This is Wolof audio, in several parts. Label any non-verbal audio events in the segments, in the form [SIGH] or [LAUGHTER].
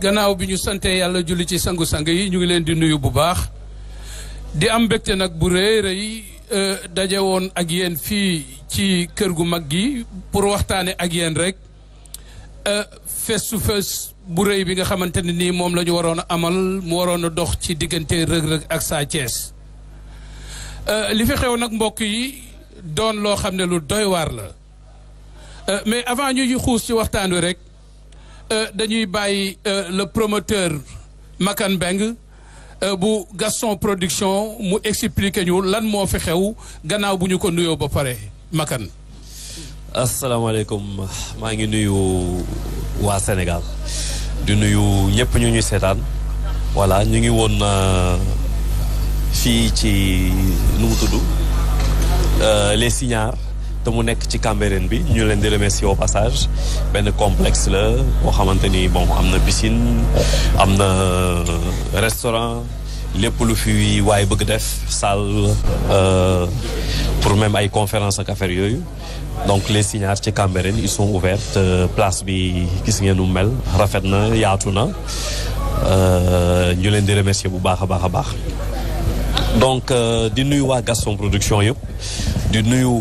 gannaaw bi ñu sante yàlla julli ci sangu sangu yi ñu ngi leen di nuyu bu baax di am mbégte nag bu rëy rëy euh, daje woon ak yéen fii ci kër gu mag gi pour waxtaane ak yéen rek euh, face to face bu rëy bi nga xamante ne nii moom lañu waroon a amal mu waroon a dox ci diggante rëg-rëg ak Sa Thiès euh, li fi xew nag mbokk yi doon loo xam ne lu doy waar la mais avant ñu xuus ci waxtaan wi rek Euh, dañuy bàyyi euh, le promoteur Makan Beng euh, bu Gaston Production mu expliqué ñu lan moo fi xew gannaaw bu ñu ko nuyoo ba pare Makan. asalaamaaleykum maa ngi nuyu waa Sénégal du nuyu ñëpp ñu ñu seetaan voilà ñu ngi woon fii ci numu mu tudd les Signares. te mu nekk ci Cambérène bi ñu leen di remercier au passage benn complexe la boo xamante ni bon am na piscine am na euh, restaurant lépp lu fi waaye bëgg def salle euh, pour même ay conférence ak affaire yooyu donc les signares ci Cambérène ils sont ouvertes euh, place bi gis ngeen nu mel rafet na yaatu na ñu leen di remercier bu baax a baax a baax donc di nuyu waa Gaston production yëpp di nuyu.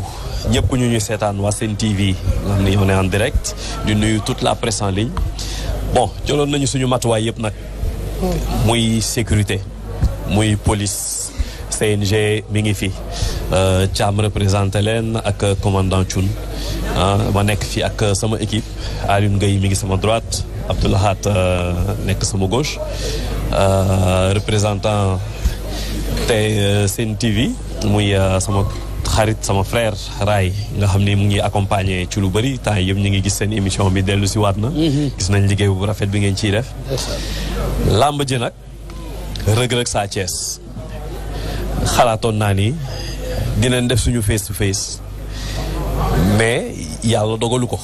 ñëpp ñu ñuy seetaan waa Sen TV nga xam ne on est en direct di nuyu toute la presse en ligne bon jëloon nañu suñu matuwaay yëpp nag muy sécurité muy police CNG mi ngi fi euh, Thiam représenté leen ak commandant Thioune ah, ma nekk fi ak sama équipe Alioune Gueye mi ngi sama droite Abdoulahat euh, nekk sama gauche euh, représentant te Sen TV muy sama xarit sama frère Ray nga xam ni mu ngi accompagner ci lu bari temps yëpp ñu ngi gis seen émission bi dellu si waat na. Mhm. gis nañ liggéey bu rafet bi ngeen ciy def. làmb ji nag rëg-rëg saa Thiès xalaatoon naa ni dinañ def suñu face to face mais yàlla dogalu ko.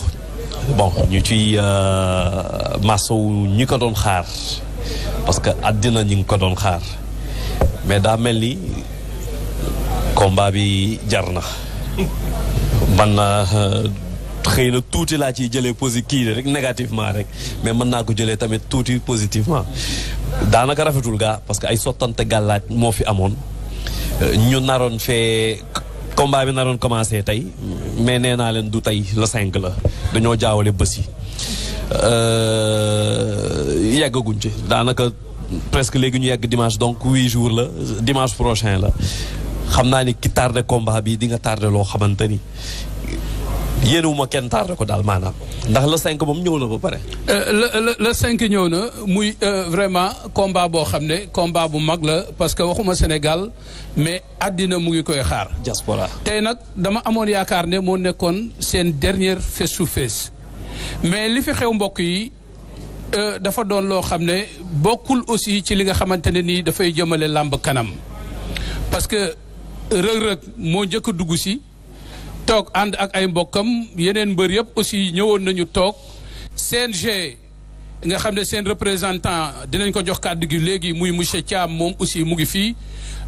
bon ñu ciy euh, masawu ñi ko doon xaar parce que àddina ñu ngi ko doon xaar mais daa mel ni. combat bi jar na man euh, xëy na tuuti laa ciy jëlee positif kii rek négativement rek mais mën naa ko jëlee tamit tuuti positivement daanaka rafetul gaa parce que ay sottante gàllaaj moo fi amoon euh, ñu naroon fee combat bi naroon commencé tey mais nee naa leen du tey le cinq la dañoo jaawale bësi yi euh, yeggaguñ ci daanaka presque léegi ñu yegg dimanche donc huit jours la dimanche prochain la xam naa ni ki tarde combat bi di nga tardé loo xamante ni yéenewuma kenn tardé ko daal maanaam ndax la 5 moom ñëw na ba pare. Euh, le le le 5 ñëw na muy euh, vraiment combat boo xam ne combat bu mag la parce que waxuma Sénégal mais àddina mu ngi koy xaar. diaspora tey nag dama amoon yaakaar ne moo nekkoon seen dernière face su face mais li fi xew mbokk yi. Euh, dafa doon loo xam ne bokkul aussi ci li nga xamante ne nii dafay jëmale làmb kanam parce que rëg-rëg moo njëkk dugg si toog ànd ak ay mbokkam yeneen mbër yëpp aussi ñëwoon nañu toog g nga xam ne seen représentant dinañ ko jox kàddu gi léegi muy monsieur Thiam moom aussi mu ngi fii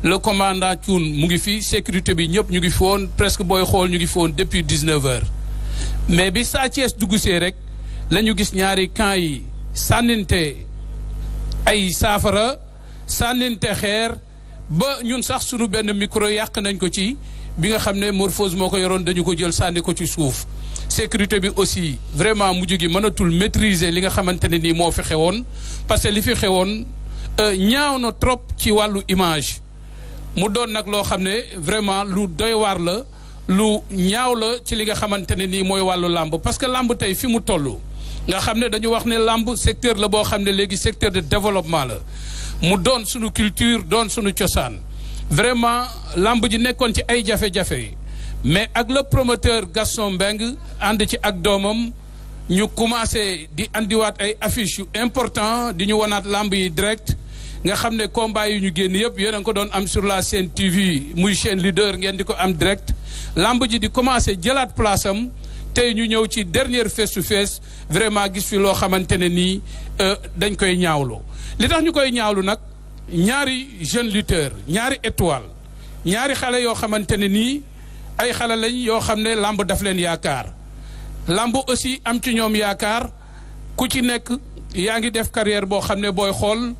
le commandant Thioune mu ngi fii sécurité bi ñëpp ñu ngi fi woon presque booy xool ñu ngi fi woon depuis 19 heures mais bi Sa Thiès dugg see rek lañu gis ñaari camp yi sànninte ay saafara sànninte xeer ba ñun sax sunu benn micro yàq nañ ko ci bi nga xam ne Morphose moo ko yoroon dañu ko jël sànni ko ci suuf sécurité bi aussi vraiment mujj gi mënatul maîtriser li nga xamante ne nii moo fi xewoon parce que li fi xewoon euh, ñaaw na trop ci wàllu image mu doon nag loo xam ne vraiment lu doy waar la lu ñaaw la ci li nga xamante ne nii mooy wàllu làmb parce que làmb tey fi mu toll nga xam ne dañu wax ne làmb secteur la boo xam ne léegi secteur de développement la mu doon suñu culture doon suñu cosaan vraiment lamb ji nekkoon ci ay jafe-jafe mais ak le promoteur Gaston Mbengue ànd ci ak doomam ñu commencé di andiwaat ay affiches yu important di ñu wanaat lamb yi direct nga xam ne combat yi ñu génn yëpp yéen a ko doon am sur la chaîne TV muy chaîne leader ngeen di ko am direct lamb ji di commencé jëlaat place am tey ñu ñëw ci dernière face to face vraiment gis fi loo xamante ne nii euh, dañ koy ñaawlu li tax ñu koy ñaawlu nag ñaari jeune lutteur ñaari étoile ñaari xale yoo xamante ne nii ay xale lañ yoo xam ne làmb daf leen yaakaar làmb aussi am ci ñoom yaakaar ku ci nekk yaa ngi def carrière boo xam ne booy xool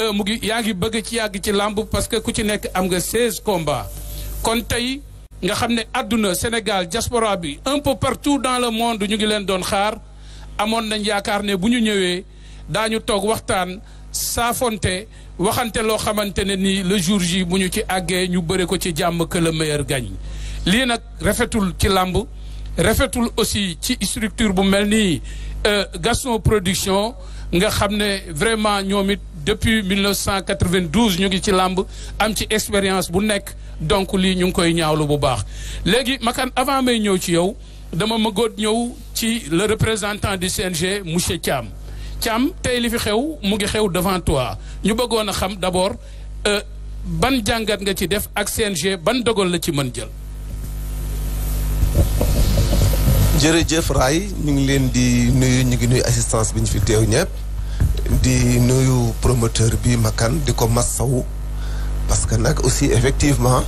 euh, mu ngi yaa ngi bëgg ci yàgg ci làmb parce que ku ci nekk am nga 16 combats kon tey nga xam ne àdduna Sénégal diaspora bi un peu partout dans le monde ñu ngi leen doon xaar amoon nañ yaakaar ne bu ñu ñëwee daañu toog waxtaan saafonte waxante loo xamante ne ni le jour ji bu ñu ci àggee ñu bëre ko ci jàmm que le meilleur lii nag rafetul ci làmb rafetul aussi ci structure bu mel nii euh, Gaston Production nga xam ne vraiment ñoom it depuis 1992 ñu ngi ci làmb am ci expérience bu nekk donc lii ñu ngi koy ñaawlu bu baax léegi makan avant may ñëw ci yow dama mëggoot ñëw ci le représentant du CNG monsieur Thiam Thiam tey li fi xew mu ngi xew devant toi ñu bëggoon a xam d'abord euh, ban jàngat nga ci def ak CNG ban dogal la ci mën jël jërëjëf Ray ñu ngi leen di nuyu ñu ngi nuyu assistance bi ñu fi teew ñëpp di nuyu promoteur bi Makan di ko massawu parce que nag aussi effectivement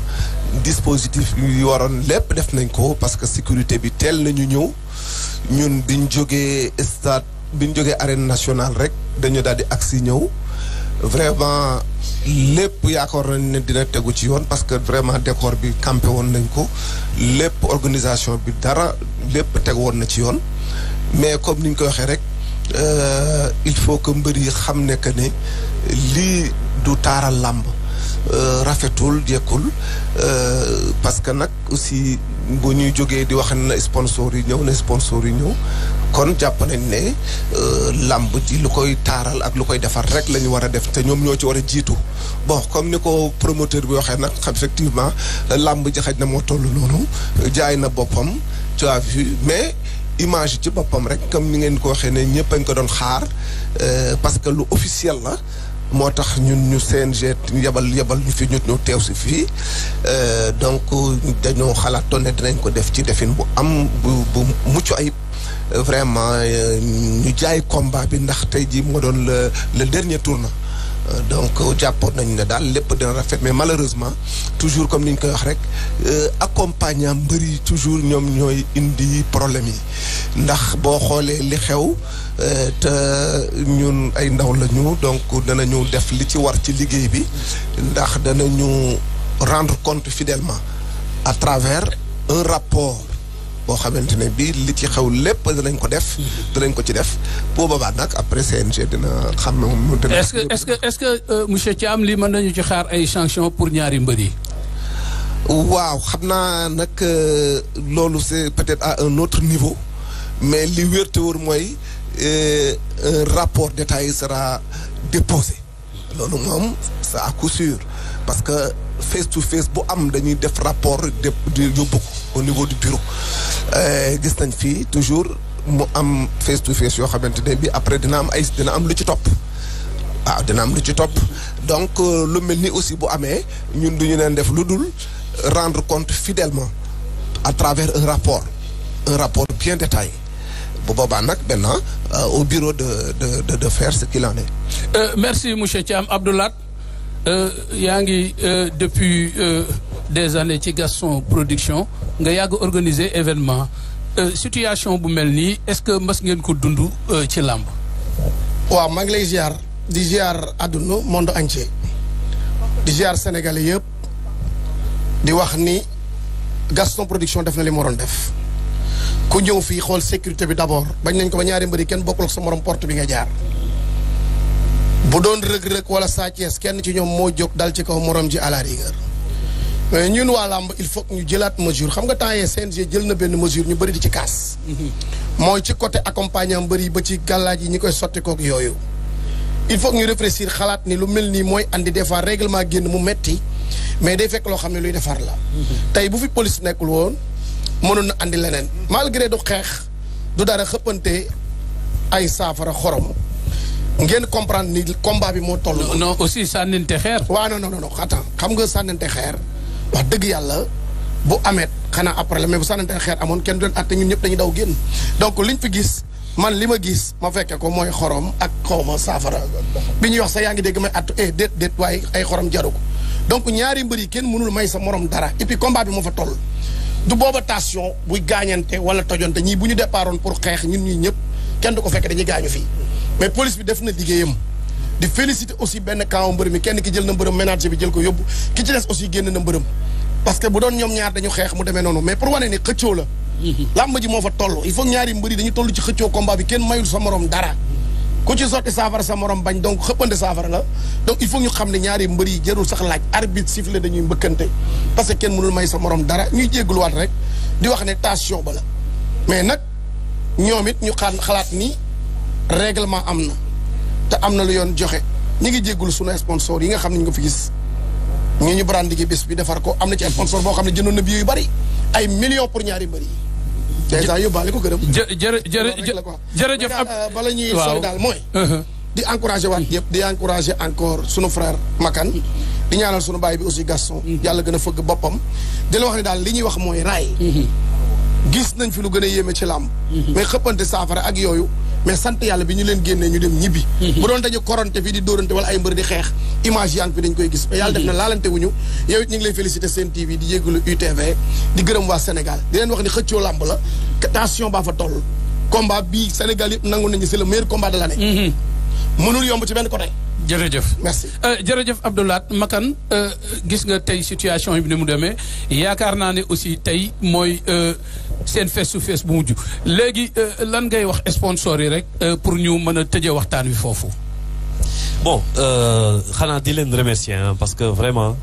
dispositif yu waroon lépp def nañ ko parce que sécurité bi teel nañu ñëw ñun biñ jógee stade biñ jógee arène nationale rek dañu daal di agsi ñëw vraiment lépp yaakaar nañ ne dina tegu ci yoon parce que vraiment décor bi campé woon nañ ko lépp organisation bi dara lépp teg woon na ci yoon mais comme niñ ko waxee rek Euh, il faut que mbër yi xam ne que ne lii du taaral làmb euh, rafetul jekkul euh, parce que nag aussi bu ñuy jógee di wax na sponsor yi ñëw na sponsor yi ñëw kon jàpp nañ ne làmb ji lu koy taaral ak lu koy defar rek la ñu war a def te ñoom ñoo ci war a jiitu bo comme ni ko promoteur bi waxee nag xam effectivement làmb ji xaj na moo toll noonu jaay na boppam tu vu mais image ci boppam rek comme ni ngeen ko waxee ne ñëpp a ko doon xaar euh, parce que lu officiel la moo tax ñun ñu CNG yebal yebal ñu fi ñu ñu teew si fii euh, donc dañoo xalaatoon ne dinañ ko def ci defin bu am bu mucc ayib euh, vraiment ñu jaay combat bi ndax tey jii moo doon le le dernier tournant Euh, donc jàppoon nañu ne daal lépp dina rafet mais malheureusement toujours comme ni ñu koy wax rek euh, accompagnant mbër yi toujours ñoom ñooy indi problème yi ndax boo xoolee li xew euh, te ñun ay ndaw lañu donc danañu def li ci war ci liggéey bi ndax ñu rendre compte fidèlement à travers un rapport boo xamante ne bii li ci xew lépp danañ ko def. danañ ko ci def bu boobaa nag après CNG dina xam ne moom. dina est-ce que est que est-ce que euh, lii mën nañu ci xaar ay sanctions pour ñaari mbër yi. waaw xam naa nag euh, loolu c'est peut-être à un autre niveau mais li wér te mooy euh, un rapport détaillé sera déposé loolu moom c'est à coup parce que face to face bu am dañuy def rapport de yóbbu ko au niveau du bureau eh, gis nañ fii toujours mu am face to face yoo xamante ne bi après dina am ay dina am lu ci topp ah dina am lu ci topp donc euh, lu mel ni aussi bu amee ñun duñu neen def lu dul rendre compte fidèlement à travers un rapport un rapport bien détaillé bu boobaa nag maintenant euh, au bureau de de de de faire ce qu'il en est. Euh, merci monsieur Thiam Abdoulaye euh, yaa ngi euh, depuis. des années ci Gaston Production nga yàgg organiser événement euh, situation bu mel nii est-ce que mas ngeen ko dund euh, ci làmb waaw mag lay ziar di ziar àdduna monde entier di ziar sénégalais yëpp di wax ni Gaston Production def na li mu def ku ñëw fii xool sécurité bi d'abord bañ nañ ko ba ñaari mbëri kenn bokk ak sa moroom porte bi nga jaar bu doon rëg-rëg wala Sa Thiès kenn ci ñoom moo jóg dal ci kaw moroom ji à la mais euh, ñun waa làmb il faut ñu jëlaat mesure xam nga temps yee CNG jël na benn mesure ñu bëri di ci kaas. Mhm. mooy ci côté accompagnant bëri ba ci gàllaaj yi ñi koy sotti yooyu. il faut ñu réfléchir xalaat ni lu mel nii mooy andi des fois règlement génn mu metti mais day fekk loo xam ne luy defar la. Mhm. tey bu fi police nekkul woon mënoon na andi leneen. malgré du xeex du dara xëppante ay saafara xorom. ngeen comprendre ni combat bi moo toll. non aussi sànnante xeer. waaw non non non attends xam nga sànnante xeer. wax dëgg yàlla bu ameet xanaa après la mais bu sànnante xeer amoon kenn du leen atte ñun ñëpp dañu daw génn donc liñ fi gis man li ma gis ma fekke ko mooy xorom ak xawma saafara bi ñuy wax sax yaa ngi dégg may attu eh déet waaye ay xorom jaru ko donc ñaari mbër yi kenn mënul may sa morom dara et puis combat bi moo fa toll du booba tension buy gaañante wala tojante ñii bu ñu départoon pour xeex ñun ñuy ñëpp kenn du ko fekke dañuy gaañu fii mais police bi def na liggéeyam di féliciter aussi benn camp mbërëm mi kenn ki jël na mbërëm ménager bi jël ko yóbbu ki ci des aussi génn na mbërëm parce que bu doon ñoom ñaar dañu xeex mu deme noonu mais pour wane ni xëccoo la. Mhm. làmb ji mbër yi dañu ci xëccoo combat bi kenn mayul sa morom dara. sa morom bañ donc xëppante saafara la donc il faut ñu xam ne ñaari mbër yi jërul sax laaj arbitre sifflé dañuy mbëkkante parce que kenn mënul may sa morom dara ñuy jéggluwaat rek di wax ne tension ba la mais nag ñoom it ñu xaat xalaat nii réglement am na te am na lu yoon joxe ñi ngi jéggul sunu sponsor yi nga xam ne ñu nga fi gis ñu ñu brandi gi bis bi defar ko am na ci sponsor boo xam ne jëndoon na bii yu bari ay millions pour ñaari mbër yi dèjà yóbbaale ko gërëm jërëjëf bala ñuy sori daal mooy uh-huh. di encouragé waat yëpp di encouragé encore sunu frère Makan di ñaanal sunu baay bi aussi Gaston mm-hmm. yàlla gën a fëgg boppam di wax ne daal li ñuy wax mooy raay mm-hmm. gis nañ fi lu gën a yéeme ci làmb mm-hmm. mais xëppante saafara ak yooyu mais sant yàlla bi ñu leen génnee ñu dem ñibbi [LAUGHS] bu doon dañu koronte fii di dóorante wala ay mbër di xeex image yaa ngi fi dañ koy gis mais yàlla def na laalante wuñu yow ñu ngi lay féliciter Sen TV di yégalu UTV di gërëm waa Sénégal di leen wax ni xëccoo làmb la tension baa fa toll combat bii Sénégal yëpp nangu nañu c'est le meilleur combat de l'année mm-hmm. mënul yomb ci benn côté jërëjëf merci euh, jërëjëf Abdoulaat Makan euh, gis nga tey situation bi ni mu demee yaakaar naa ne aussi tey mooy euh, seen face to face bu mujj léegi lan ngay wax sponsor yi rek pour ñu mën a tëjee waxtaan wi foofu. bon euh, xanaa di leen remercier parce que vraiment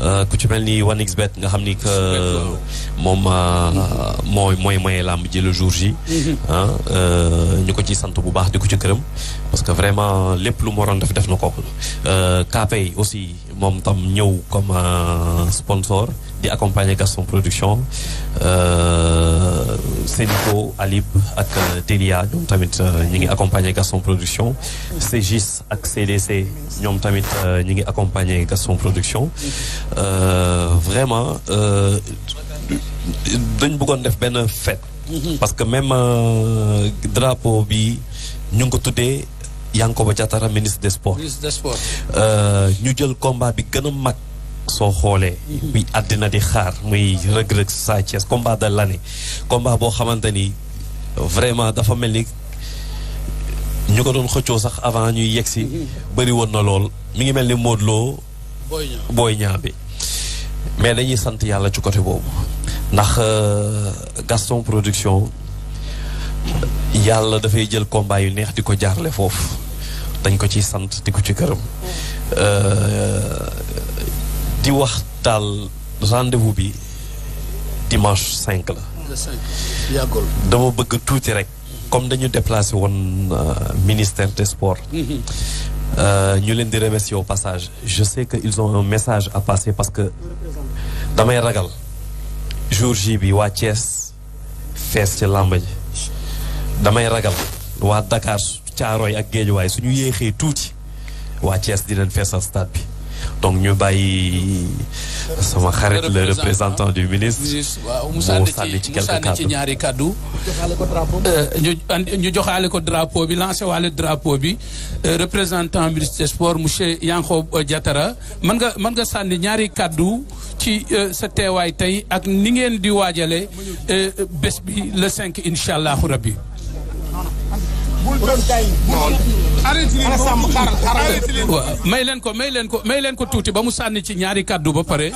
euh, ku ci mel ni 1xBet nga xam ni que moom euh, mm-hmm. mooy mooy maye làmb ji le jour ji mm-hmm. ñu ko ci sant bu baax di ko ci këram parce que vraiment lépp lu mu waroon def def na ko KPay aussi moom tam ñëw comme sponsor di accompagner Gaston Production euh, Sénico Alib ak euh, Telia ñoom tamit euh, ñu ngi accompagner Gaston Production CGIS ak CDC ñoom tamit ñu ngi accompagner Gaston Production vraiment dañ bëggoon def benn fête mhm. parce que même drapeau bi ñu ngi ko tuddee Yankoba Diattara ministre des sports. ministre des sports. ñu jël combat bi gën a mag. soo xoolee. muy àddina di xaar muy rëg-rëg Sa Thiès combat de l'année combat boo xamante ni vraiment dafa mel ni ñu ko doon xëccoo sax avant ñuy yegg si bëri woon na lool mi ngi mel ni Modou Lo. Boy Niang bi mais dañuy sant yàlla ci côté boobu ndax euh, Gaston production yàlla dafay jël combat yu neex di ko jaarle foofu dañ ko ci sant di ko ci gërëm. Euh, di wax daal rendez-vous bi dimanche cinq la. yàggul dama bëgg tuuti rek. comme dañu déplacé woon euh, ministère des sports. Mhm. Euh, ñu leen di remercier au passage je sais que ils ont un message à passer parce que damay ragal jour J bi waa Thiès fees ci làmb ji damay ragal waa caaro yi ak Géejuwaay suñu yéexee tuuti waa Thiès di leen feesal stade bi. donc ñu bàyyi sama xarit le représentant du ministre. mu sànni ci mu ci ñaari kàddu euh, ñu ñu joxaale ko drapeau bi lancé waale drapeau bi euh, représentant ministre des sports monsieur Yankhoba jatara mën nga mën nga sànni ñaari kàddu ci euh, sa teewaay tey ak ni ngeen di waajale bés bi le 5 incha allahu rabbi. ana may leen ko may leen ko may leen ko tuuti ba mu sànni ci ñaari kàddu ba pare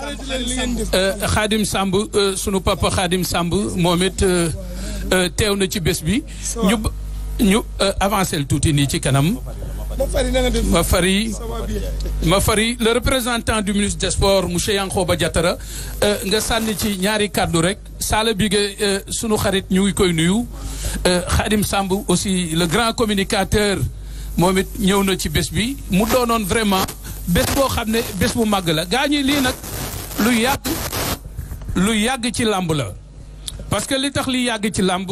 xaadim euh, sàmb euh, sunu papa xaadim sàmb moom it euh, teew na ci bés bi ñu ñu avancé tuuti nii ci kanam ma fari ma fari le représentant du ministre des sports monsieur Yankhoba Diattara nga sànni ci ñaari kàddu rek saala bi sunu xarit ñu ngi koy nuyu xadim sàmb aussi le grand communicateur moom it ñëw na ci bés bi mu doonoon vraiment bés boo xam ne bés bu màgg la gaa ñi lii nag lu yàgg lu yàgg ci làmb la parce que li tax li yàgg ci làmb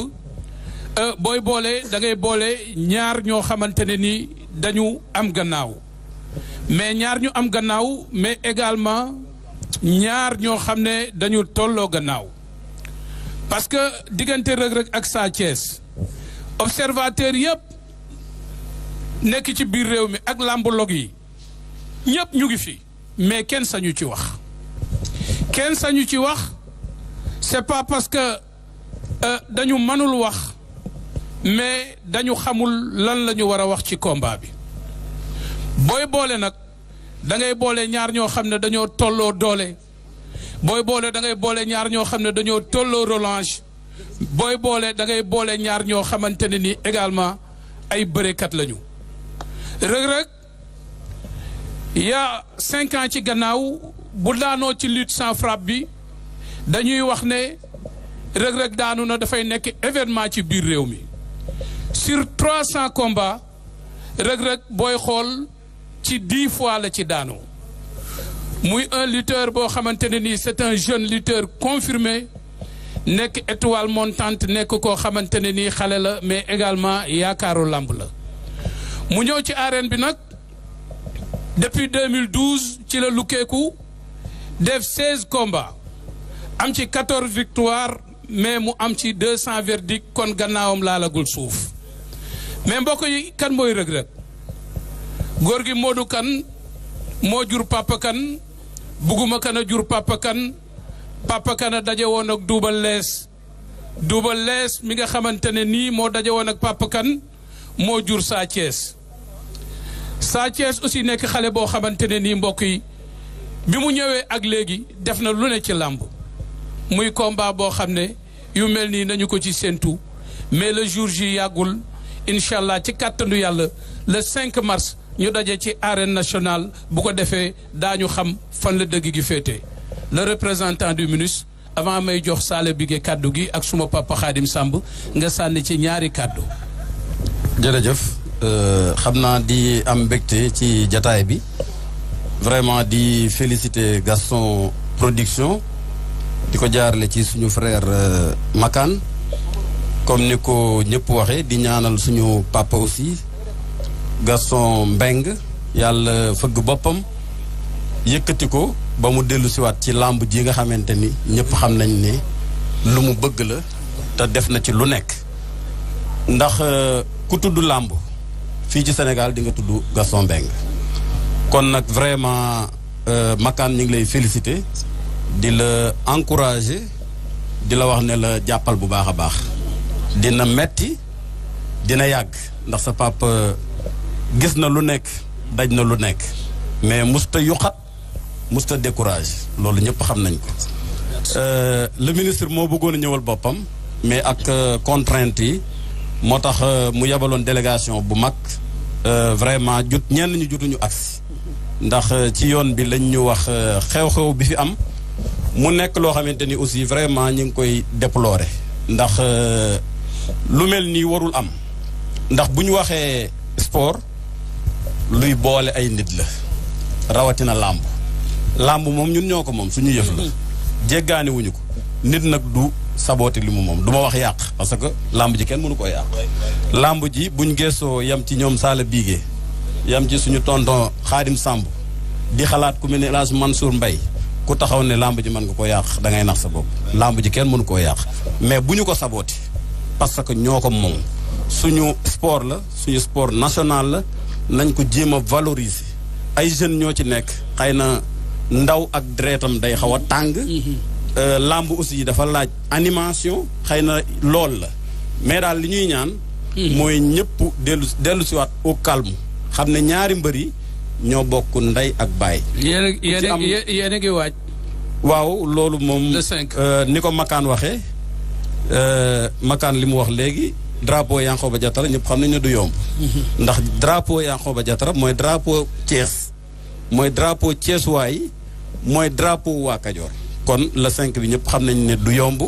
euh, booy boole da ngay boole ñaar ñoo xamante ne ni dañu am gannaaw mais ñaar ñu am gannaaw mais également ñaar ñoo xam ne dañu tolloo gannaaw parce que diggante Reug Reug ak Sa Thiès observateur yëpp nekk ci biir réew mi ak làmbulog yi ñëpp ñu ngi fi mais kenn sañu ci wax kenn sañu ci wax c'est pas parce que euh, dañu mënul wax mais dañu xamul lan la ñu war a wax ci combat bi booy boole nag dangay boole ñaar ñoo xam ne dañoo tolloo doole booy boole da ngay boole ñaar ñoo xam ne dañoo tolloo relange booy boole da ngay boole ñaar ñoo xamante ne ni également ay bërekat lañu. rëg-rëg yaa cinq ci gannaaw bu daanoo ci lutte sans frappe bi dañuy wax ne rëg-rëg daanu na dafay nekk événement ci biir réew mi sur trois cent combats rëg-rëg booy xool ci dix fois la ci daanu muy un lutteur boo xamante ne nii c'est un jeune lutteur confirmé nekk étoile montante nekk koo xamante ne nii xale la mais également yaakaaru làmb la mu ñëw ci arène bi nag depuis 2012 ci la lukkeeku def 16 combats am ci 14 victoires mais mu am ci 200 verdicts kon gannaawam laalagul suuf mais mbokk yi kan mooy Reug Reug góor gi Modou kan moo jur Papa Kane bugguma kan a jur Papa Kane Papa Kane a daje woon ak Double Less Double Less mi nga xamante ne nii moo daje woon ak Papa Kane moo jur Sa Sa Thiès aussi nekk xale boo xamante ne nii mbokk yi bi mu ñëwee ak léegi def na lu ne ci làmb muy combat boo xam ne yu mel nii nañu ko ci séentu mais le jour ji yàggul incha allah ci kàttandu yàlla le 5 mars ñu daje ci arène nationale bu ko defee daañu xam fan la dëgg gi féete le représentant du ministre avant may jox saale bi kàddu gi ak suma papa Xaadim Samb nga sànni ci ñaari kàddu jërëjëf Euh, xam naa di am mbégte ci jataay bi vraiment di féliciter Gaston Production di ko jaarale ci suñu frère euh, Makan comme ni ko ñëpp waxee di ñaanal suñu papa aussi Gaston mbéng yàlla fëgg boppam yëkkati ko ba mu dellu siwaat ci làmb ji nga xamante ni ñëpp xam nañ ne lu mu bëgg la te def na ci lu nekk ndax euh, ku tudd làmb fii ci Sénégal di nga tudd Gaston Mbengue kon nag vraiment euh, Makan ñu ngi lay félicité di la encourager di la wax ne la jàppal bu baax a baax dina metti dina yàgg ndax sa papa euh, gis na lu nekk daj na lu nekk mais musta yuqat musta décourage loolu ñëpp xam nañ ko euh, le ministre moo bëggoon ñëwal boppam mais ak contrainte yi moo tax mu yabaloon délégation bu mag Euh, vraiment jut ñenn ñu jutuñu agsi ndax euh, ci yoon bi lañ ñu wax euh, xew-xew bi fi am mu nekk loo xamante ni aussi vraiment ñu ngi koy déplorer ndax lu mel nii warul am ndax bu ñu waxee sport luy boole ay nit la rawatina làmb làmb moom ñun ñoo ko moom suñu yëf la mm-hmm. jéggaani ko nit nag du sabooti li mu moom du ma wax yàq parce que làmb ji kenn mënu ko yàq làmb ji buñ geesoo yam ci ñoom saala biige yam ci suñu tonton xaadim sàmb di xalaat ku mel man El mbay ku taxaw ne làmb ji mën nga ko yàq da ngay nax sa bopp làmb ji kenn mënu koo yàq mais bu ñu ko sabooti parce que ñoo ko moom suñu sport la suñu sport national la nañ ko jéem a valoriser ay jeunes ñoo ci nekk xëy na ndaw ak deretam day xaw a tàng mm-hmm. Euh, làmb aussi dafa laaj animation xëy na lool la mais daal li ñuy ñaan. Hmm. mooy ñëpp dellu dellu siwaat au calme xam ne ñaari mbër yi ñoo bokk ndey ak baay. yéen a ngi waaj. waaw loolu moom. Euh, ni ko Makaan waxee euh, Makaan li mu wax léegi drapeau Yankhoba Diattara ñëpp xam nañ ne du yomb. [LAUGHS] ndax drapeau Yankhoba Diattara mooy drapeau Thiès. mooy drapeau Thiès waay mooy drapeau waa Kajoor. kon la cinq bi ñëpp xam nañ ne du yomb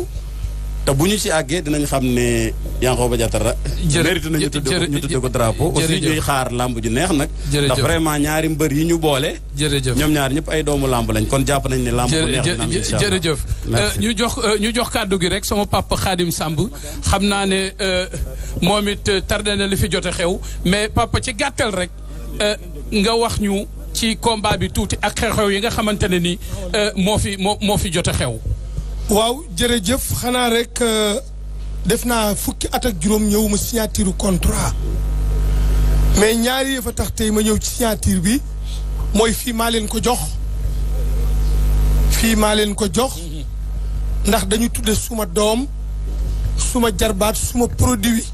te bu ñu ci àggee dinañ xam ne Yankhoba Diattara mérite nañu tudde ñu tudde ko drapeau aussi ñuy xaar làmb ju neex nag ndax vraiment ñaari mbër yi ñu boole jërëjëf ñoom ñaari ñëpp ay doomu làmb lañ kon jàpp nañ ne lamb bu neex dina am jërëjëf ñu jox euh, ñu jox kàddu gi rek sama papa Khadim Samb xam naa ne euh, moom it euh, tardé na li fi jote xew mais papa ci gàttal rek nga wax ñu ci combat bi tuuti ak xew-xew yi nga xamante ne ni euh, moo fi moo moo fi jot a xew. waaw jërëjëf xanaa rek euh, def naa fukki at ak juróom ñëw ma signature contrat mais ñaari yëf a tax tey ma ñëw ci signature bi mooy fii maa leen ko jox fii maa leen ko jox ndax dañu tudde suma doom suma jarbaat suma produit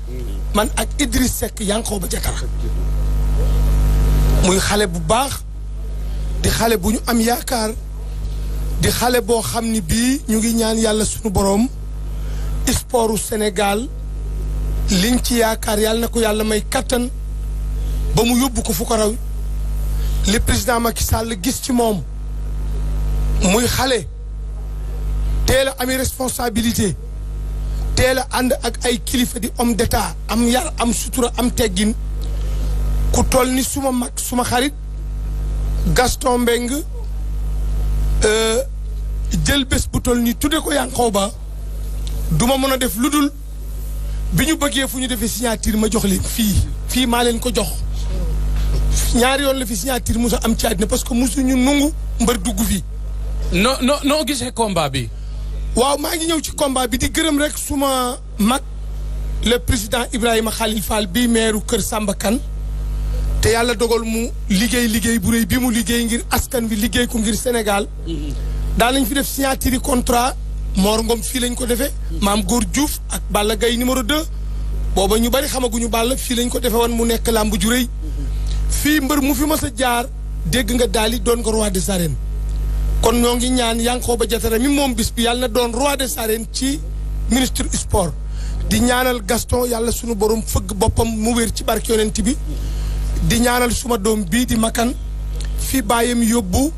man ak Idriss Seck ba Diattara muy xale bu baax di xale bu ñu am yaakaar di xale boo xam ni bii ñu ngi ñaan yàlla suñu boroom sportu Sénégal liñ ci yaakaar yàlla na ko yàlla may kattan ba mu yóbbu ko fu ko raw li président Macky sàll gis ci moom muy xale teel a ami responsabilité teel a ànd ak ay kilifa di homme d'état am yar am sutura am teggin ku toll ni suma mag suma xarit Gaston Mbengue euh, jël bés bu toll nii tuddee ko Yankhoba ba duma mën a def lu dul bi ñu bëggee fu ñu defee signature ma jox leen fii fii maa leen ko jox ñaari yoon la fi signature musa am ci àddina parce que musuñu nungu mbar dugg fii. no noo noo gisee combat bi. waaw maa ngi ñëw ci combat bi di gërëm rek suma mag le président Ibrahima Khalil Fall bii meeru Kër Samba Kane te yàlla dogal mu liggéey liggéey bu réy bi mu liggéey ngir askan wi liggéey ko ngir Sénégal mm-hmm. daal lañ fi def signature contrat Mor Ngom fii lañ ko defee maam Góor Diouf ak Balla Gaye numéro 2 booba ñu bari xamaguñu Balla fii lañ ko defee woon mu nekk làmb ju réy mm-hmm. fii mbër mu fi mës a jaar dégg nga daal di doon ko roi des arènes kon ñoo ngi ñaan ba Diattara mi moom bis bi yàlla na doon roi de arènes ci ministre sport di ñaanal Gaston yàlla sunu borom fëgg boppam mu wér ci barke yonent bi di ñaaral suma doom bii di makkan fi bàyyam yóbbu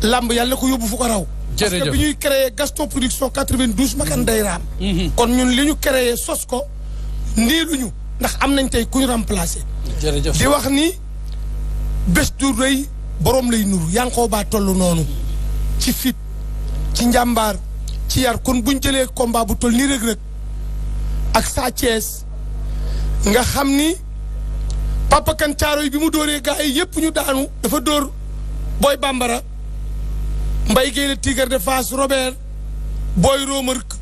làmb yàlla ko yóbbu fu ko raw parce que bi ñuy créé gasto production 92 makkan day raam mhm. kon ñun li ñu créé sos ko nii luñu ndax am nañ tey ku ñu remplacé di wax ni bés du rëy boroom lay nuru yankoo baa toll noonu ci fit ci njàmbaar ci yar kon buñ jëlee combat bu toll nii rëg-rëg ak Sa Thiès nga xam ni papa kan caaro yi bi mu dóoree gars yi yëpp ñu daanu dafa dóor booy bàmbara mbay géey la tigre de Fass Robert booy romark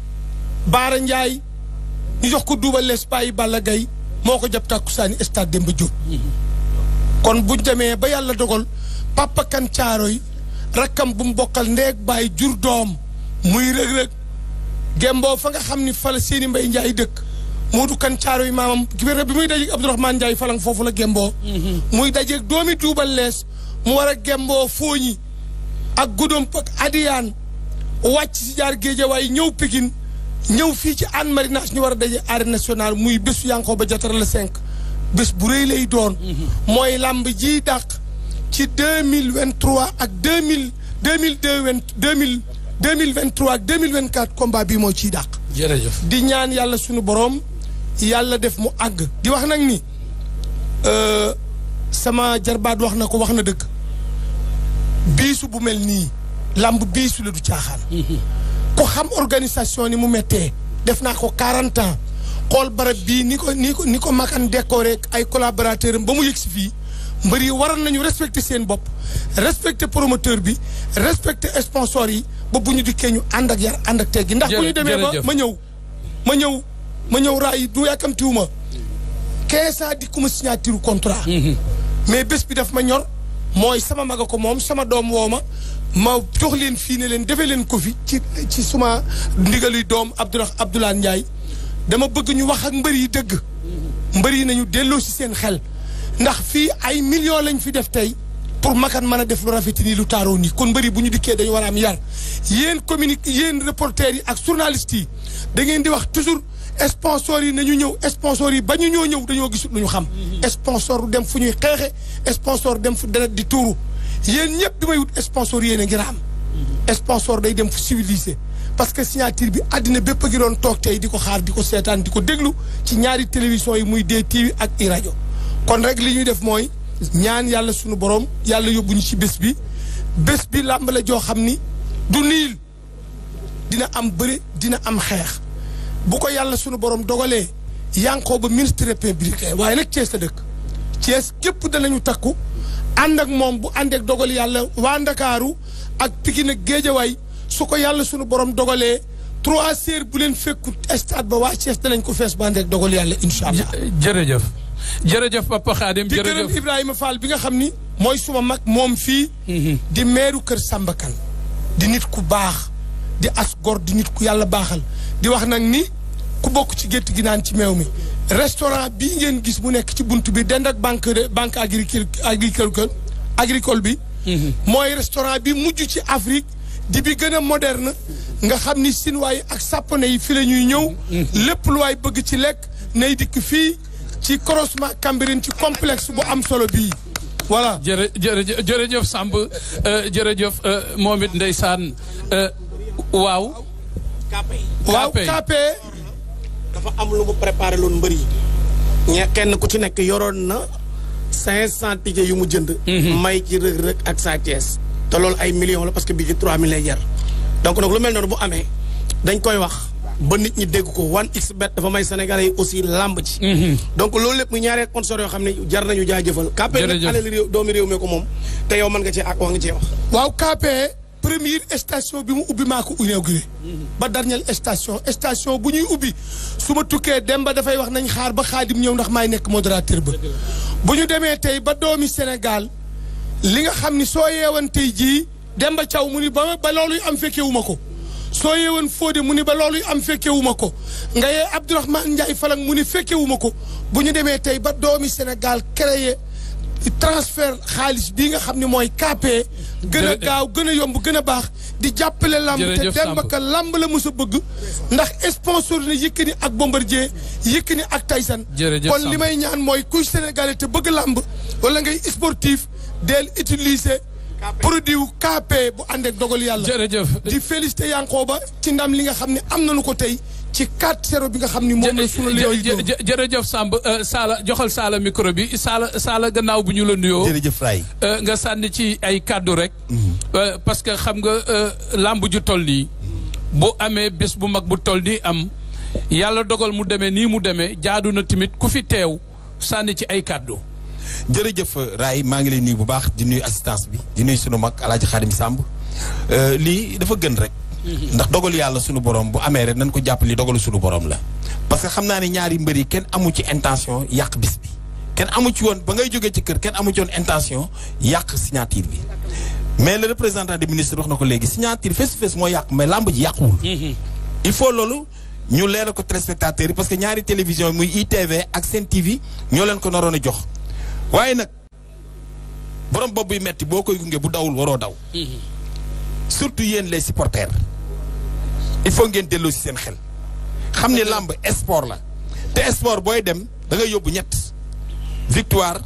baara njaay ñu jox ko duubal l'espace Balla gay moo ko jàpp tàkkusaani stade Demba Diop kon buñ demee ba yàlla dogal papa caaro yi rakkam bu mu bokkal ndeeg bàyyi jur doom muy rëg-rëg gemboo fa nga xam ni fala seeni mbay njaay dëkk Modou Kan Caaro yi maamam gouverneur bi muy dajeeg Abdourahmane Ndiaye Falang foofu la gemboo mhm. muy dajeeg doomi tuubal lees mu war a gemboo fooñi ak guddoom ak adiyaan wàcc si jaar géejawaay ñëw Pikine ñëw fii ci Hann Marinage ñu war a daje arène nationale muy bésu Yankhoba Diattara la cinq bés bu rëy lay doon mhm. mooy làmb ji dàq ci deux mille vingt trois ak deux mille deux mille deux deux mille deux mille vingt trois mille vingt quatre combat bii mooy ciy dàq jërëjëf di ñaan yàlla sunu boroom yàlla def mu àgg di wax nag ni euh, sama jarbaat wax na ko wax na dëgg biisu bu mel nii làmb biisu la du caaxaan ko xam organisation ni mu méttee def naa ko quarante ans xool barab bii ni ko ni ko ni ko makan décoré ay collaborateur am ba mu yëg si fii mbër yi waroon nañu respecter seen bopp respecter promoteur bi respecter sponsor yi ba bu ñu dikkee ñu ànd ak yar ànd ak teggi ndax bu ñu demee ba ma ñëw ma ñëw ma ñëw raay du yàkkamtiwuma quinze ans di ku ma signature contrat mhm. mais bés bi daf ma ñor mooy sama mag a ko moom sama doom woo ma ma jox leen fii ne leen defee leen ko fi ci ci suma ndigaluy doom Abdoulaye Abdoulaye Ndiaye dama bëgg ñu wax ak mbër yi dëgg mbër yi nañu delloo si seen xel ndax fii ay millions lañ fi def tey pour makan mën a def lu rafet nii lu taaroo nii kon mbëri bu ñu dikkee dañu war a am yar yéen communique yéen reporters yi ak journalistes yi da sponsor yi nañu ñëw sponsor yi ba ñu ñoo ñëw dañoo gisut lu ñu xam mhm. sponsor dem fu ñuy xeexe sponsor dem fu deret di tuuru yéen ñëpp bi may wut sponsor yéen a ngir am mhm. sponsor day dem fu civilisé parce que signature bi àddina bépp a ngi doon toog tey di ko xaar di ko seetaan di ko déglu ci ñaari télévision yi muy DTV ak i rajo kon rek li ñuy def mooy ñaan yàlla sunu borom yàlla yóbbu ñu ci bés bi bés bi làmbale joo xam ni du niil dina am bëre dina am xeex bu ko yàlla sunu borom dogalee yankoo ba ministre républicain waaye nag Thiès la dëkk cees képp danañu takku ànd ak moom bu ànd ak dogal yàlla waa Ndakaaru ak Pikine ak Géejawaay su ko yàlla sunu borom dogalee trois heures bu leen fekkut stade ba waa Thiès danañ ko fees ba ànd ak dogal yàlla incha allah. jërëjëf jërëjëf Papa Khadim jërëjëf Ibrahima Fall bi nga xam ni mooy suma mag moom fii. Mhm. di meeru kër Samba Kane di nit ku baax. di as gor di nit ku yàlla baaxal di wax nag ni ku bokk ci gétt gi naan ci meew mi restaurant bi ngeen gis bu nekk ci bunt bi dend ak banque banque agricole agricole agricole bi mhm. mooy restaurant bi mujj ci Afrique di bi gëna a moderne nga xam ni sinwaa ak sàppane yi fi la ñuy ñëw mhm. lépp lu waay bëgg ci lekk nay dikk fii ci croisement Cambérène ci complexe bu am solo bi voilà jërëjëf Samb euh, jërëjëf euh, moom it ndeysaan euh, waaw. waaw KP. dafa am lu mu préparé loon mbër yi. ña kenn ku ci nekk yoroon na cinq cent tickets yu mu jënd. Mhm. may ci Reug Reug ak Sa Thiès. te loolu ay millions la parce que bii ci trois mille lay jar. donc nag lu mel bu amee dañ koy wax. ba nit ñi dégg ko one x bet dafa may sénégalais yi aussi làmb ci mhm. donc loolu lépp mu ñaaree sponsor yoo xam ne jar nañu jaajëfal KP nag alal réew doomi réew mee ko moom te yow mën nga cee ak wax nga cee wax waaw KP première station bi mu ubbi maa ko ba dernière station station bu ñuy ubbi su ma tukkee dem ba dafay wax nañ xaar ba xaadim ñëw ndax maay nekk modérateur ba bu ñu demee tey ba doomi Sénégal li nga xam ni soo yeewan tey jii dem ba caw mu ni ba ba looluy am fekkewu ma ko soo yeewoon Fodé mu ni ba looluy am fekkewu ma ko nga yee Abdourahmane Ndiaye Falang mu ni fekkewu ma ko bu ñu demee tey ba doomi Sénégal créé transfert xaalis bii nga xam ne mooy KP e. gën a gaaw gën a yomb gën a baax di jàppale lamb te Demba Ka lamb la mos a bëgg ndax sponsor ni Yékini ak Bombardier ni ak Tyson kon li may ñaan mooy kuy sénégalais te bëgg lamb wala ngay sportif del utiliser produit wu KP bu ànd ak dogal yàlla di félicité ba ci ndam li nga xam ne am na nañu ko tey ci 4-0 bi nga xam ni moom la suñu léegi jërëjëf Samb euh, Saala joxal Saala micro bi Saala Saala gannaaw bu ñu la nuyoo. jërëjëf Faye. Euh, nga sànni ci ay kàddu rek. Mm-hmm. Euh, parce que xam nga làmb ju toll nii. bu amee bés bu mag bu toll nii am yàlla dogal mu demee nii mu demee jaadu na tamit ku fi teew sànni ci ay kàddu. jërëjëf raay maa ngi lay nuyu bu baax di nuy assistance bi di nuyu sunu mag El Hadj mi Samb lii dafa gën rek. ndax dogal yàlla sunu borom bu amee rek nañ ko jàpp li dogalu sunu borom la. parce que xam naa ni ñaari mbër yi kenn amu ci intention yàq bis bi kenn amu ci woon ba ngay jógee ci kër kenn amu ci woon intention yàq signature bi mais le représentant de ministre wax na ko léegi signature face face moo yàq mais làmb ji yàquwul. Mm-hmm. il faut loolu ñu leeral ko téléspectateurs yi parce que ñaari télévision muy ITV ak Sen TV ñoo leen ko naroon a jox waaye nag borom bopp buy metti boo koy gunge bu dawul waroo daw. Mm-hmm. surtout yéen les supporters. il faut ngeen delloo si seen xel xam ne làmb sport la te sport booy dem dangay ngay yóbbu ñett victoire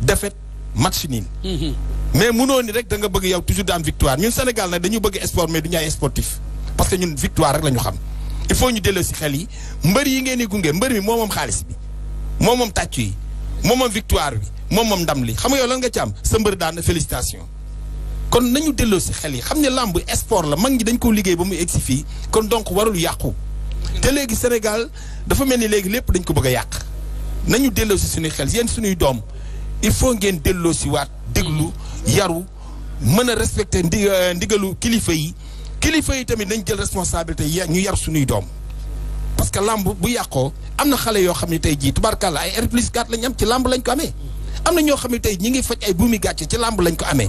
défaite match nul mhm. mais mënoo ni rek da nga bëgg yow toujours daan victoire ñun Sénégal nag dañu bëgg sport mais du ñu ay sportif parce que ñun victoire rek la ñu xam il faut ñu delloo si xel yi mbër yi ngeen di gunge mbër mi moo moom xaalis bi moo moom tàccu yi moo moom victoire bi moo moom ndam li xam nga yow lan nga ci am sa mbër daan félicitation kon nañu delloo si xel yi xam ne làmb sport la mag ñi dañ koo liggéey ba mu si fii kon donc warul yàqu te léegi Sénégal dafa mel ni léegi lépp dañ ko bëgg yàq nañu delloo si suñuy xel yéen suñuy doom il faut ngeen delloo si waat déglu yaru mën a respecté ndi euh, ndigalu kilifa yi kilifa yi tamit nañ jël responsabilité ñu yar suñuy doom parce que làmb bu yàqoo am na xale yoo xam ne tey jii tubaarkàlla ay R plus 4 lañ am ci làmb lañ ko amee am na ñoo xam ne tey ñi ngi faj ay buumi gàcce ci làmb lañ ko amee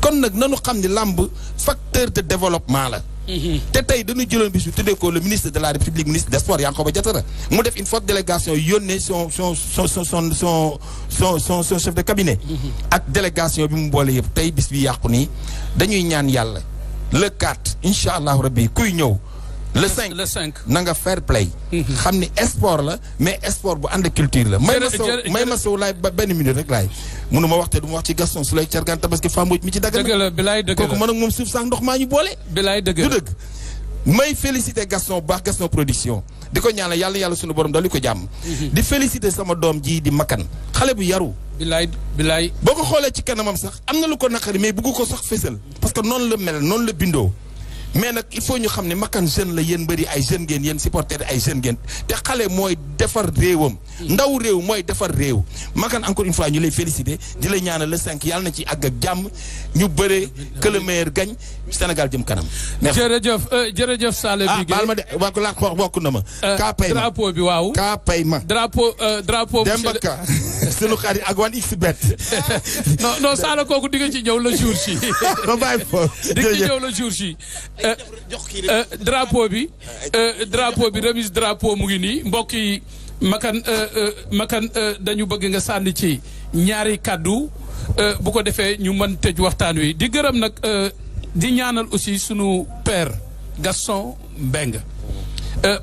kon nag na nanu xam ni làmb facteur de développement la mhm. te tey dañu jëloo bis bi tuddee ko ministre de la république ministre des sports Yankhoba Diattara mu def in fort délégation yónnee son son son son son son son son son chef de cabinet mhm. ak délégation bi mu boole yëpp tey bis bi yàqu nii dañuy ñaan yàlla le 4 incha allahu rabbi kuy ñëw le cinq le 5 na nga fair play. Mhm. xam ni sport la mais sport bu ànd culture la. may ma sow may ma sow benn minute rek laay. mënu ma wax te wax ci Gaston su lay cargaan tabaski Fambooj mi ci dagg. dëgg la bilaay dëgg la kooku man ak moom suuf sax ndox maa ñu boole. bilaay dëgg la dëgg. may félicité Gaston baax Gaston production. di ko ñaanal yàlla yàlla sunu borom dali ko jàmm. Mhm. di félicité sama doom ji di makkan xale bu yaru. bilaay bilaay. boo ko xoolee ci kanamam sax am na lu ko naqari mais bugg ko sax fésal. parce que noonu la mel noonu la bindoo. mais nag il faut ñu xam ne Makan jeune la yéen bëri ay jeune ngeen yéen supporter ay jeune ngeen te xale mooy defar réewam. ndaw réew mooy defar réew. Makan encore une fois ñu lay féliciter di lay ñaanal le 5 yàlla ci àgg ak jàmm ñu bëree que le meilleur Sénégal jëm kanam. jërëjëf euh, jërëjëf Salé ah, Bigué ah baal ma de waa laa bokk na ma. Euh, kaa pay ma drapeau bi waaw. kaa pay ma drapeau euh, drapeau. Demba Ka sunu [LAUGHS] xarit ak wan x bet. [LAUGHS] non Saala kooku di ci ñëw le jour [LAUGHS] ci ma ci ñëw le jour ci euh, euh, drapeau bi euh, drapeau bi remise drapeau mu ngi nii mbokk yi makan makan dañu bëgg nga sànni ci ñaari kàddu bu ko defee ñu mën tëj waxtaan wi di gërëm nag di ñaanal aussi sunu père Gaston Mbengue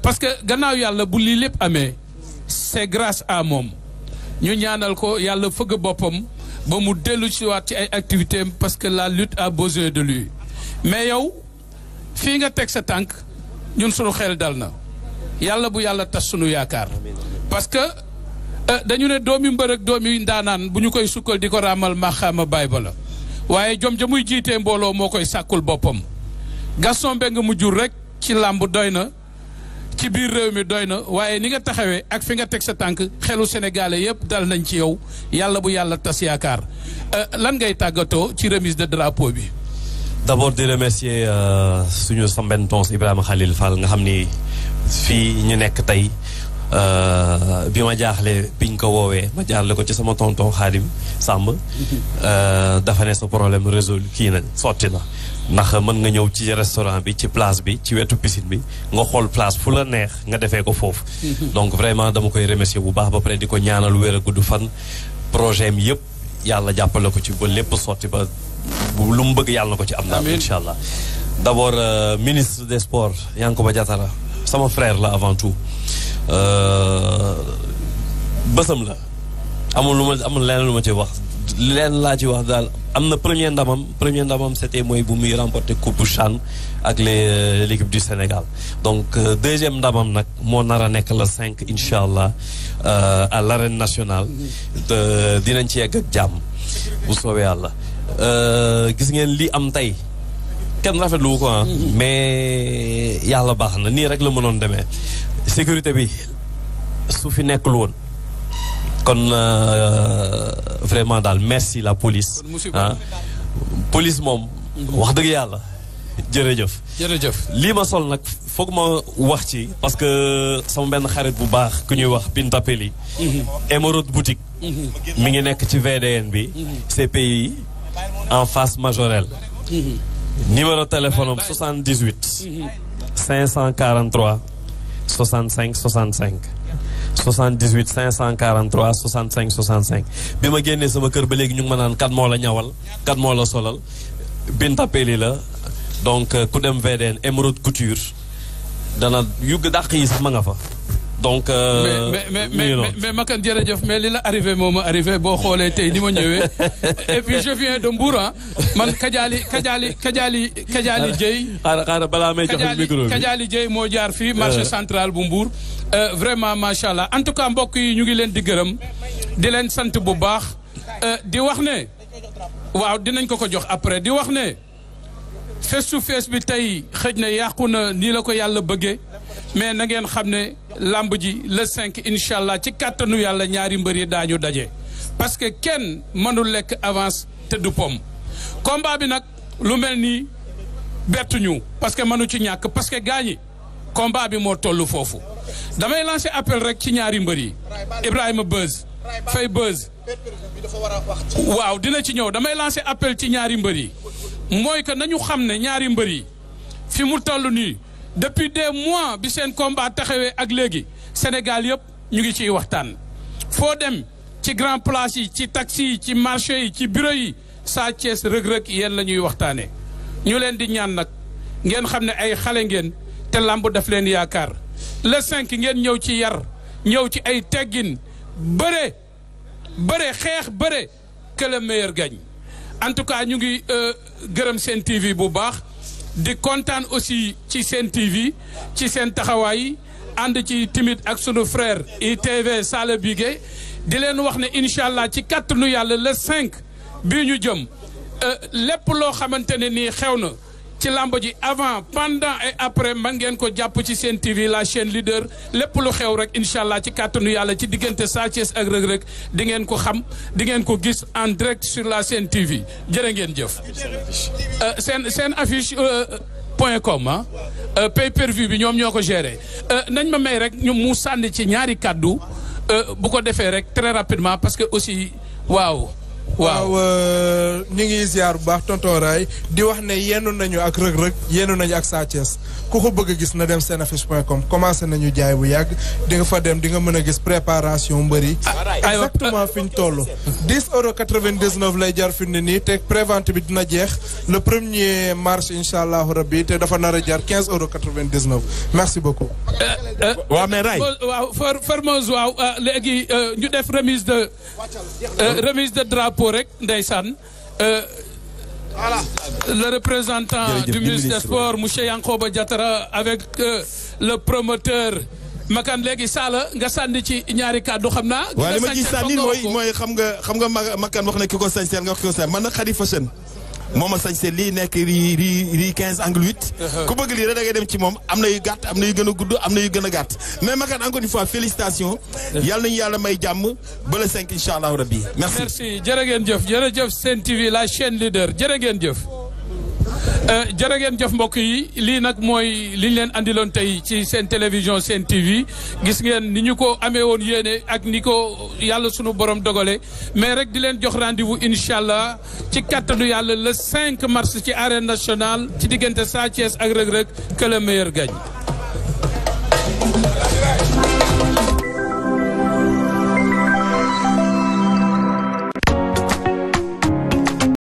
parce gannaaw yàlla bu lii lépp amee c'est grâce à moom ñu ñaanal ko yàlla fëgg boppam ba mu dellu ci waat ci ay activités parce que la lutte a besoin de lui mais yow fii nga teg sa tànk ñun sunu xel dal na yàlla bu yàlla tas sunu yaakaar parce que euh, dañu ne doomi mbër ak doomi ndaanaan bu ñu koy sukkal di ko raamal maxaama baay ba la waaye jom ja muy jiitee mbooloo moo koy sàkkul boppam Gaston nga mu jur rek ci làmb doy na ci biir réew mi doy na waaye ni nga taxawee ak fi nga teg sa tànk xelu sénégalais yëpp dal nañ ci yow yàlla bu yàlla tas yaakaar euh, lan ngay tàggatoo ci remise de drapeau bi. d'abord di remercier euh, suñu sambentons Ibrahima xalil Fall nga xam ni fii ñu nekk tey euh, bi ma jaaxle biñ ko woowee ma jaaxle ko ci sama tonton Xaadim Samb mm-hmm. dafa ne sa problème résolu kii nag sotti na. ndax mën nga ñëw ci restaurant bi ci place bi ci wetu piscine bi nga xool place fu la neex nga defee ko foofu. Mhm. donc vraiment dama koy remercier bu baax ba pare di ko ñaanal wér a gudd fan projet am yëpp yàlla jàppale ko ci ba lépp sotti ba lu mu bëgg yàlla ko ci am. amiin daal incha allah d' abord euh, ministre des sports Yankuba Diattara sama frère la avant tout euh, bësam la amul lu ma amul leneen lu ma ci wax. leen laa ci wax daal am na premier ndamam premier ndamam c'était mooy bu muy remporter coupe CHAN ak les euh, l'équipe du Sénégal donc euh, deuxième ndamam nag moo nar a nekk la cinq incha allah euh, à l'arène nationale dinañ ci yegg ak jàmm bu soobee yàlla gis ngeen li am tey kenn rafetlu ko ah mais yàlla baax na nii rek la mënoon demee sécurité bi su fi nekkul woon kon euh, vraiment daal merci la police ah police moom wax dëgg yàlla jërëjëf jërëjëf lii ma sol nag foog ma wax ci parce que euh, sama benn xarit bu baax ku ñuy wax Pintapeli émeraude mhm. boutique mhm. mi ngi nekk ci VDN bi mhm. CPI en face Majorelle numéro téléphone am 78 543 65 65 78 543 65 65 bi ma génnee sama kër ba léegi ñu ngi ma naan kat moo la ñawal kat moo la solal Binta Peli la donc ku dem VDN Emeraude Couture dana yu dàq yi sax ma nga fa donc. Euh, mais mais mais mais Makan jërëjëf mais li la arrivé moo ma arrivé boo xoolee tey ni ma ñëwee [LAUGHS] et puis je viens de Mbour man Kajali Kajali Kajali Kajali balaa may joxe micro bi Kajali Dieye moo jaar fii marché euh. central bu Mbour. Euh, vraiment macha allah en tout cas mbokk yi ñu ngi leen di gërëm di leen sant bu baax di wax ne. waaw dinañ ko ko jox après di wax ne face to bi tey xëj na yàqu na nii la ko yàlla bëggee. mais na ngeen xam ne làmb ji le cinq incha allah ci kàttanu yàlla ñaari mbër yi daañu daje parce que kenn mënul lekk avance te du pom combat bi nag lu mel ni bettuñu parce que mënu ci ñàkk parce que gaañi combat bi moo toll foofu damay lancer appel rek ci ñaari mbër yi Ibrahima Beuz Faye Beuz waaw dina ci ñëw damay lancer appel ci ñaari mbër yi mooy que nañu xam ne ñaari mbër yi fi mu toll nii depuis des mois bi seen combat taxawee ak léegi Sénégal yëpp ñu ngi ciy waxtaan foo dem ci grand place yi ci taxi yi ci marché yi ci bureau yi Sa Thiès Reug Reug yéen la ñuy waxtaanee ñu leen di ñaan nag ngeen xam ne ay xale ngeen te lamb daf leen yaakaar le cinq ngeen ñëw ci yar ñëw ci ay teggin bëre bëre xeex bëre que le meilleur gagne en tout cas ñu ngi euh, gërëm seen TV bu baax. di kontaan aussi ci seen TV ci seen taxawaay ànd ci timit ak sunu frère ITV Sala Bigué di leen wax ne incha allah ci kàttanu yàlla la 5 bii ñu jëm euh, lépp loo xamante ne nii xew na. ci làmb ji avant pendant et après man ngeen ko jàpp ci seen TV la chaîne leader lépp lu xew rek incha allah ci kàttanu yàlla ci diggante Sa Thiès ak Reug Reug di ngeen ko xam dingeen ngeen ko gis en direct sur la chaîne TV jërë ngeen jëf. Euh, seen seen affiche euh, point com ah euh, pay per bi ñoom ñoo ko gere nañ ma may rek ñu mu sànni ci ñaari kàddu bu ko defee rek très rapidement parce que aussi waaw. waaw euh, ñu ngi ziar bu baax tonton Ray di wax ne yenn nañu ak rëg-rëg yenn nañu ak Sa Thiès ku ko bëgg gis na dem senaffiche point com commencé nañu jaay bu yàgg di nga fa dem di nga mën a gis préparation mbëri ah, ah, ah, exactement fi ñu toll 10 euros 99 lay jar fi ne nii te prévente bi dina jeex le premier mars incha allahu rabbi te dafa nar a jar 15 euros vingt merci beaucoup euh, euh, waaw mais Ray waaw Formose waaw léegi ñu def remise de remise de drapeau drapeau rek ndeysaan euh, voilà le représentant du ministre des sports monsieur Yankoba Diatara avec euh, le promoteur Makan léegi Saala nga sànni ci ñaari kàddu xam naa. waaw li ma ciy mooy xam nga xam nga Makan wax ne ki ko sañ seen nga wax ki ko sañ man moom a sañse lii nekk ri ri ri quinze angle huit uh-huh. ku bëgg lii rek da dem ci moom am na yu gàtt am na yu gën a gudd am na yu gën gàtt mais Maguette encore une fois félicitations yàlla nañu yàlla may jàmm ba le cinq incha allahu rabbi merci merci jërë ngeen jëf jërëjëf Sen TV la chaîne leader jërë ngeen jëf Euh, jërë ngeen jëf mbokk yi lii nag mooy liñ leen andiloon tey ci seen télévision seen TV gis ngeen ni ñu ko amee woon yéene ak ni ko yàlla sunu borom dogale mais rek di leen jox randiwu vous allah ci kattanu yàlla le 5 mars ci arène nationale ci diggante Sa Thiès ak Reug Reug que le meilleur